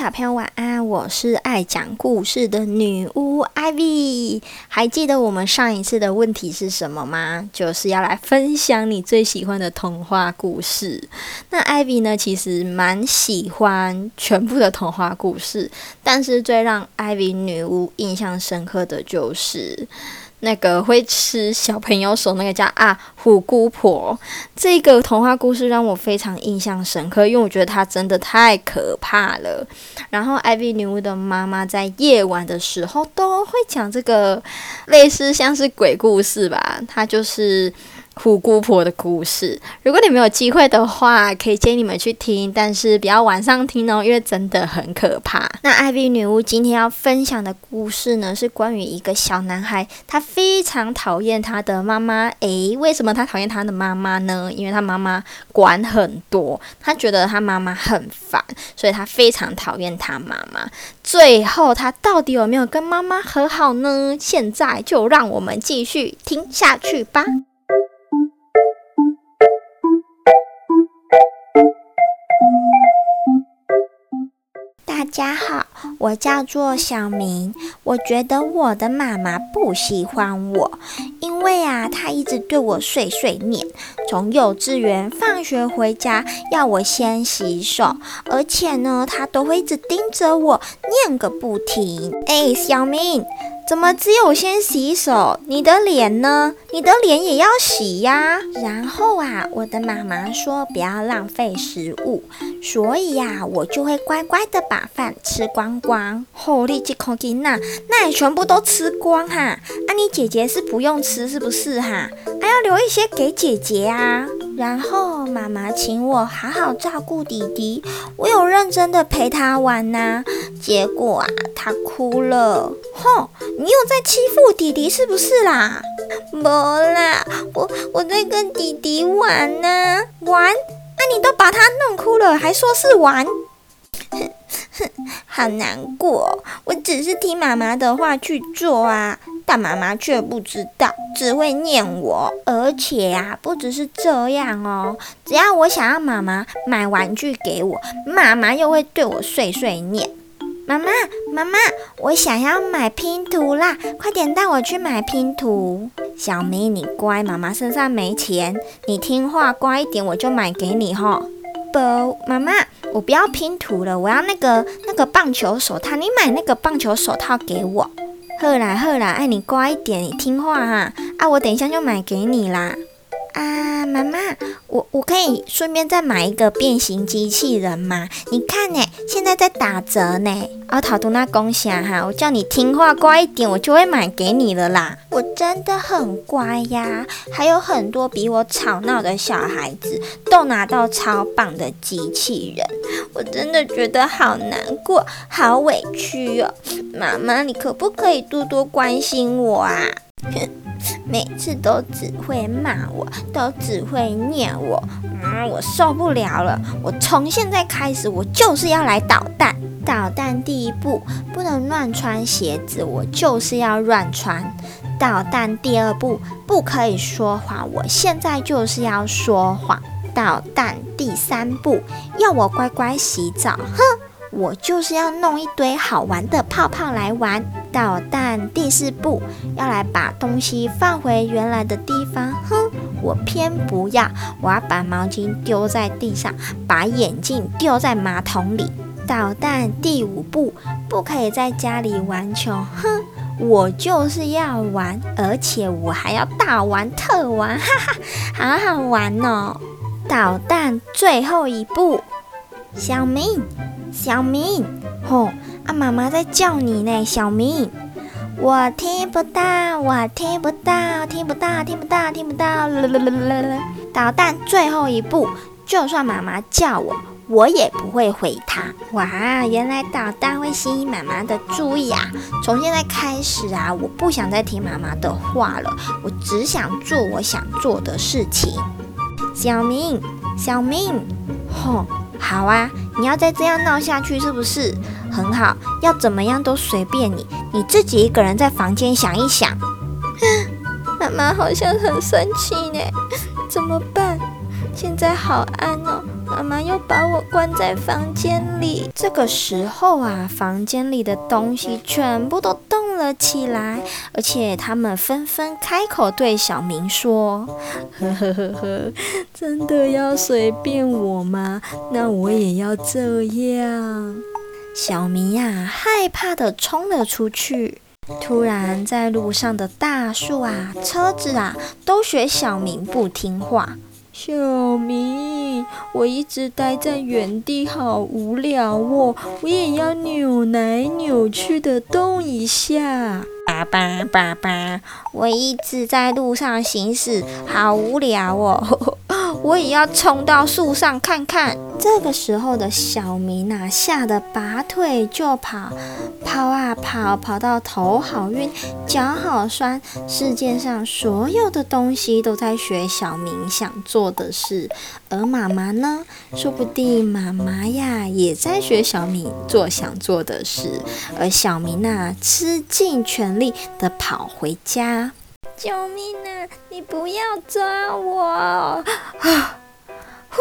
小朋友晚安，我是愛講故事的女巫 Ivy。還記得我們上一次的問題是什麼嗎？就是要來分享你最喜歡的童話故事。那 Ivy 呢，其實蠻喜歡全部的童話故事，但是最讓 Ivy 女巫印象深刻的就是。那個會吃小朋友手，那個叫啊，虎姑婆。這個童話故事讓我非常印象深刻，因為我覺得它真的太可怕了。然後 IVY 女巫的媽媽在夜晚的時候都會講這個類似像是鬼故事吧，它就是。虎姑婆的故事，如果你們有機會的話，可以建議你們去聽，但是不要晚上聽哦，因為真的很可怕。那 IVY 女巫今天要分享的故事呢，是關於一個小男孩，他非常討厭他的媽媽。哎、欸，為什麼他討厭他的媽媽呢？因為他媽媽管很多，他覺得他媽媽很煩，所以他非常討厭他媽媽。最後，他到底有沒有跟媽媽和好呢？現在就讓我們繼續聽下去吧。大家好，我叫做小明。我覺得我的媽媽不喜歡我，因為啊，她一直對我碎碎念。從幼稚園放學回家，要我先洗手，而且呢，她都會一直盯着我，念個不停。哎、欸，小明。怎麼只有先洗手？你的臉呢？你的臉也要洗呀，啊。然後啊，我的媽媽說不要浪費食物，所以呀，啊，我就會乖乖的把飯吃光光。好，哦，你這口弟那，那也全部都吃光哈，啊。啊你姐姐是不用吃，是不是哈，啊？還要留一些給姐姐啊。然後媽媽請我好好照顧弟弟，我有認真的陪他玩吶，啊。結果啊，他哭了。哼、哦，你又在欺負弟弟是不是啦？不啦，我我在跟弟弟玩呢、啊。玩？那、啊、你都把他弄哭了，還說是玩？哼哼，好難過。我只是聽媽媽的話去做啊，但媽媽卻不知道，只會念我。而且啊，不只是這樣哦，只要我想要媽媽買玩具給我，媽媽又會對我碎碎念。媽媽，媽媽，我想要買拼圖啦！快點帶我去買拼圖。小米，你乖，媽媽身上沒錢，你聽話乖一點，我就買給你哈、哦。不，媽媽，我不要拼圖了，我要那個那個棒球手套，你買那個棒球手套給我。好啦好啦，愛你乖一點，你聽話哈、啊。啊，我等一下就買給你啦。啊，媽媽，我我可以順便再買一個變形機器人嗎？你看呢，現在在打折呢，奧塔圖那公蝦哈，我叫你聽話乖一點，我就會買給你了啦。我真的很乖呀，還有很多比我吵鬧的小孩子都拿到超棒的機器人，我真的覺得好難過，好委屈哦。媽媽，你可不可以多多關心我啊？ 每次都只會罵我，都只會唸我，嗯，我受不了了。我從現在開始，我就是要來搗蛋。搗蛋第一步，不能亂穿鞋子，我就是要亂穿。搗蛋第二步，不可以說謊，我現在就是要說謊。搗蛋第三步，要我乖乖洗澡，哼，我就是要弄一堆好玩的泡泡來玩。搗蛋第四步，要來把東西放回原來的地方，哼，我偏不要，我要把毛巾丟在地上，把眼鏡丟在馬桶裡。搗蛋第五步，不可以在家裡玩球，哼，我就是要玩，而且我還要大玩特玩，哈哈，好好玩哦。搗蛋最後一步，小明。小明，吼、哦！啊，媽媽在叫你呢，小明，我聽不到，我聽不到，聽不到，聽不到，聽不到了！搗蛋，啦啦啦啦搗蛋最後一步，就算媽媽叫我，我也不會回她。哇，原來搗蛋會吸引媽媽的注意啊！從現在開始啊，我不想再聽媽媽的話了，我只想做我想做的事情。小明，小明，吼、哦！好啊，你要再這樣鬧下去是不是很好？要怎麼樣都隨便你，你自己一個人在房間想一想。媽媽好像很生氣呢，怎麼辦？現在好暗哦。媽又把我關在房間裡。這個時候啊，房間裡的東西全部都動了起來，而且他們紛紛開口對小明說：“呵呵呵呵，真的要隨便我嗎？那我也要這樣。”小明呀、啊，害怕地衝了出去。突然，在路上的大樹啊、車子啊，都學小明不聽話。小明，我一直待在原地，好無聊哦！我也要扭來扭去的動一下。叭叭叭叭，叭叭，我一直在路上行駛，好無聊哦！ 我也要衝到樹上看看。這個時候的小明啊，嚇得拔腿就跑，跑啊跑，跑到頭好暈，腳好酸。世界上所有的東西都在學小明想做的事，而媽媽呢，說不定媽媽呀也在學小明做想做的事。而小明吶，吃盡全力的跑回家，救命啊！你不要抓我啊！呼。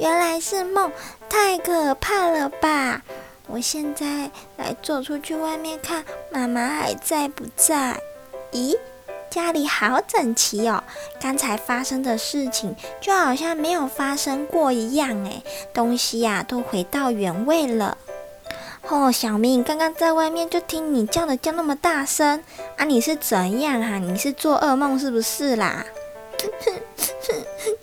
原來是夢，太可怕了吧！我現在來走出去外面看，媽媽還在不在？咦，家裡好整齊哦，剛才發生的事情就好像沒有發生過一樣哎，東西呀、啊、都回到原位了。哦，小明，剛剛在外面就聽你叫的叫那麼大聲啊！你是怎樣啊？你是做噩夢是不是啦？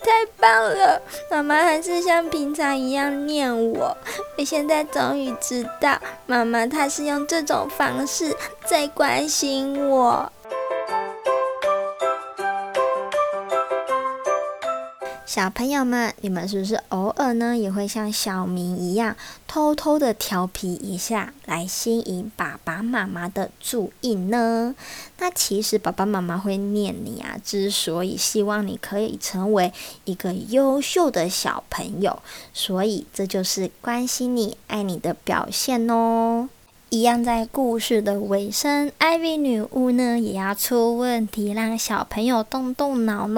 太棒了，媽媽還是像平常一樣念我。我現在終於知道，媽媽她是用這種方式在關心我。小朋友們，你們是不是偶爾呢也會像小明一樣偷偷的調皮一下，來吸引爸爸媽媽的注意呢？那其實爸爸媽媽會念你啊，之所以希望你可以成為一個優秀的小朋友，所以這就是關心你、愛你的表現哦。一樣在故事的尾聲，IVY 女巫呢也要出問題，讓小朋友動動腦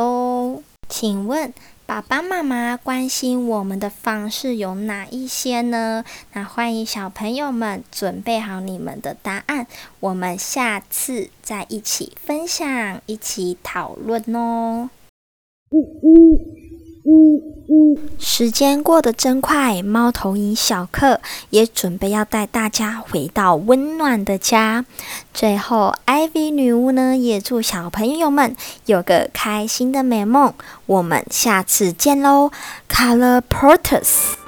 嘍。請問？爸爸媽媽關心我們的方式有哪一些呢？那歡迎小朋友們準備好你們的答案，我們下次再一起分享、一起討論哦。嗯嗯嗯時間過得真快，貓頭鷹小克也準備要帶大家回到溫暖的家。最後，艾薇女巫呢也祝小朋友們有個開心的美夢。我們下次見嘍，Colloportus。